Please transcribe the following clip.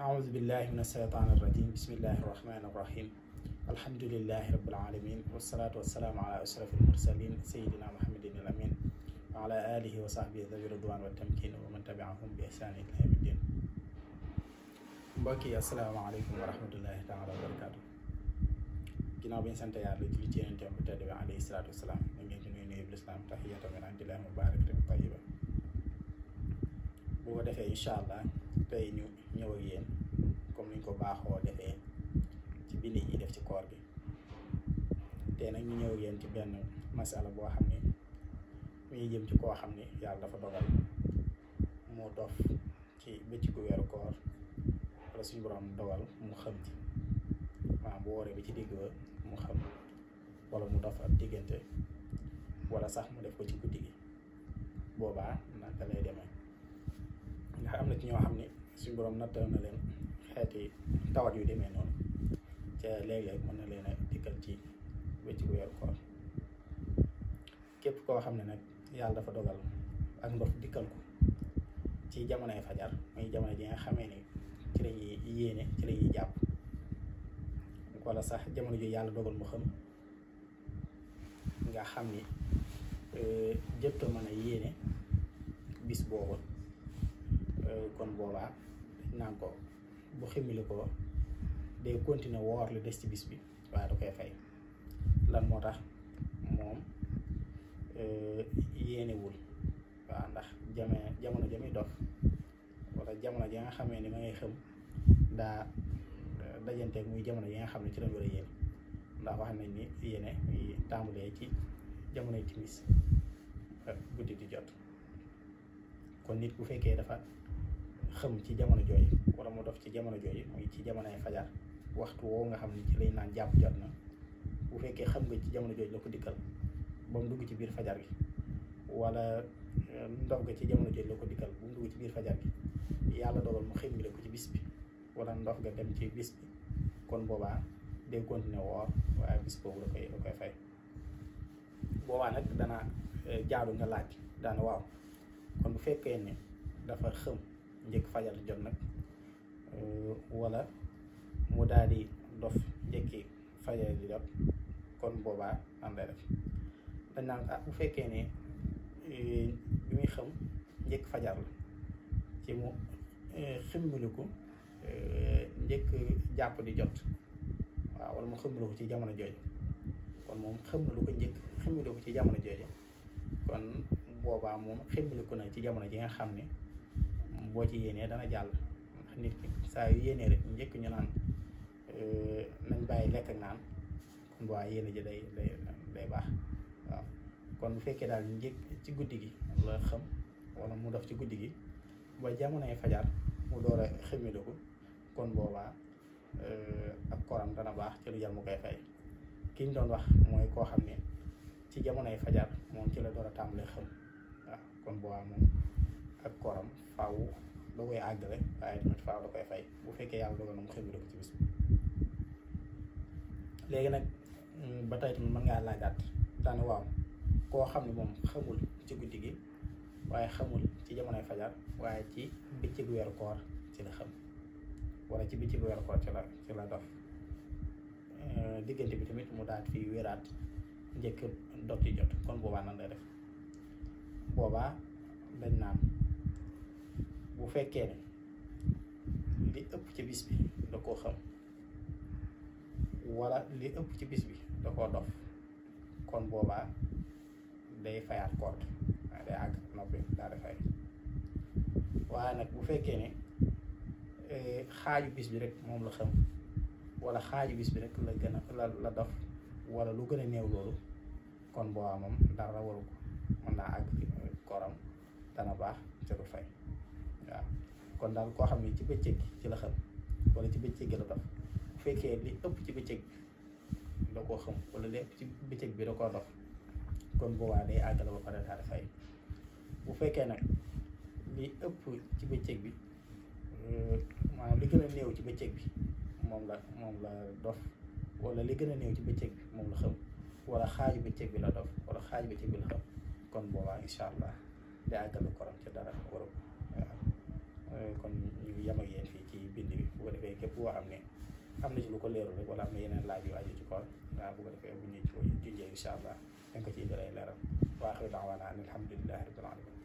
أعوذ بالله من الشيطان الرجيم بسم الله الرحمن الرحيم الحمد لله رب العالمين والصلاة والسلام على أشرف المرسلين سيدنا محمد الأمين وعلى آله وصحبه ذوي الرضوان والتمكين ومن تبعهم بإحسان إلى يوم الدين mbokk yi asalaamaaleykum wa rahmatullahi taala wa barakaatu ginnaaw bi ñu sant yàlla julli ci yonent bu tedd bi alayhi salaatu wasalaam ñu ngi ci nuyu nuyu lislaam tahiyatan min indillahi mubarakatan tayyiba bu ko defee incha allah tey ñu ñëw ak yéen comme niñ ko baaxoo defee ci bi yi def ci koor bi te nag ñu ñëw yéen ci benn masala boo xam ne mu ngi jëm ci koo xam ne yàlla dafa dogal mu dof ci bëccëgu weeru koor wala suñu borom dogal mu xam ci waaw bu wooree bi ci digg mu xam mu dof a diggante wala sax mu def ko ci guddi gi boobaa naka lay demee ndax am na ci ñoo xam ne suñu borom nattal na leen xeeti tawat yu deme noonu ca léeg-léeg mën na leen a dikkal ci wéccu weeru koor képp koo xam ne nag yàlla dafa dogal ak ndox dikkal ko ci jamonoy fajar muy jamono ji nga xame ni ci la ñuy yéene ci lañuy ñuy jàpp wala sax jamono ji yàlla dogal mu xam nga xam ni euh, jëpp mën a yéene bis boobu. kon boobaa naan ko bu ximmili ko day continuer woor lu des ci bi waaye da koy fay lan moo tax moom eh, yéenewul waaw ndax jame jamono jam dof wala jamono ji nga xamee ni ma ngay xam daa eh, dajanteeg muy jamono yi nga xam ne ci lañ war a yéene ndax wax nañ ni yéene muy tàmbalee ci jamonoy timis eh, guddi di jot kon nit bu fekkee dafa xëm ci jamono jooy wala mu dof ci jamono jooy muy ci jamonoy fajar waxtu woo nga xam ne ci lañ naan jàpp jot na bu fekkee xam nga ci jamono jooy la ko dikkal ba mu dugg ci biir fajar gi wala euh, ndox ga ci jamono jooy la ko dikkal bu mu dugg ci biir fajar gi yàlla dogal mu xëm la ko ci bis bi walla ndox ga dem ci bis bi kon boobaa day continuer woor waaye bis boobu la koy fay boobaa nag dana euh, jaadu nga laaj daana waaw kon bu fekkee ne dafa xëm njëkk fajar jot nag euh, walla mu daal di dof njëkki fajar di jot kon boobaa ànd rek dañ naan ah bu fekkee ni euh, bi muy xam njëkk fajar la ci mu euh, ximmiliku njëkk jàpp di jot waaw wala mu ximmiliku ci jamono jooju kon moom ximmiliku njëkk ximmiliku ci jamono jooju kon boobaa moom ximmiliku na ci jamono ji nga xam ni boo ci yéenee dana jàll ndax nit ki saa yu yéenee rek njëkk ñu naan euh, nañ bàyyi lekk naan kon bu yéene ji day day baax waaw kon bu fekkee daal njëkk ci guddi gi la xam wala mu dox ci guddi gi ba jamonoy fajar mu door a xëmmidiku kon boobaa euh, ak koram dana baax ci lu jar doon wax mooy koo xam ne ci jamonoy fajar moom ci la door a tàmbalee xam waaw kon boobaa moom ak koram faaw da koy àggale waaye tamit faaw da koy fay bu fekkee yàlla dogal na mu xëy ko ci bis bi léegi nag mm, ba tey tamit mën ngaa laajaat daane waaw koo xam ne moom xamul ci guddi gi waaye xamul ci jamonoy fajar waaye ci bëccëgu weeru koor ci la ci bëccëgu koor ci la ci la dof euh, diggante bi tamit mu daat fi wéraat njëkk dot ci jot kon boobaa nan lay def boobaa dañ naan bu fekkee ne li ëpp ci bis bi da koo xam wala li ëpp ci bis bi da koo dof kon boobaa day fayaat koot waaye day àgg noppi daal di fay waaye nag bu fekkee ne eh, xaaju bis bi rek moom la xam walla xaaju bis bi rek la gën a la dof wala lu gën a néew loolu kon boobaa moom dara waru ko mën naa àgg kooram dana baax ca du fay waaw kon daal koo xam ne ci bëccëg ci la xam wala ci bëccëg la dof bu fekkee li ëpp ci bëccëg bi da koo xam walla li ci bëccëg bi da koo kon boobaa day àggale ba fekkee nag li ëpp ci bëccëg bi euh, maanaam li gën a néew ci bëccëg bi moom la moom la dof wala li gën a néew ci bëccëg bi moom la xam wala xaaju bëccëg bi la dof wala xaaju bëccëg bi la xam kon boobaa incha allah day àggale korom ci dara waru Euh, kon ñu yem fii ci bind bi bu ko defee képp koo xam ne am na ci lu ko leerul rek wala am na yeneen laaj yu ci koor waaw bu ko defee bu ñu ci junjee incha allah dañ ko ci indil ay leeral waaxiru daawaana an alhamdulilahi rabbil alamin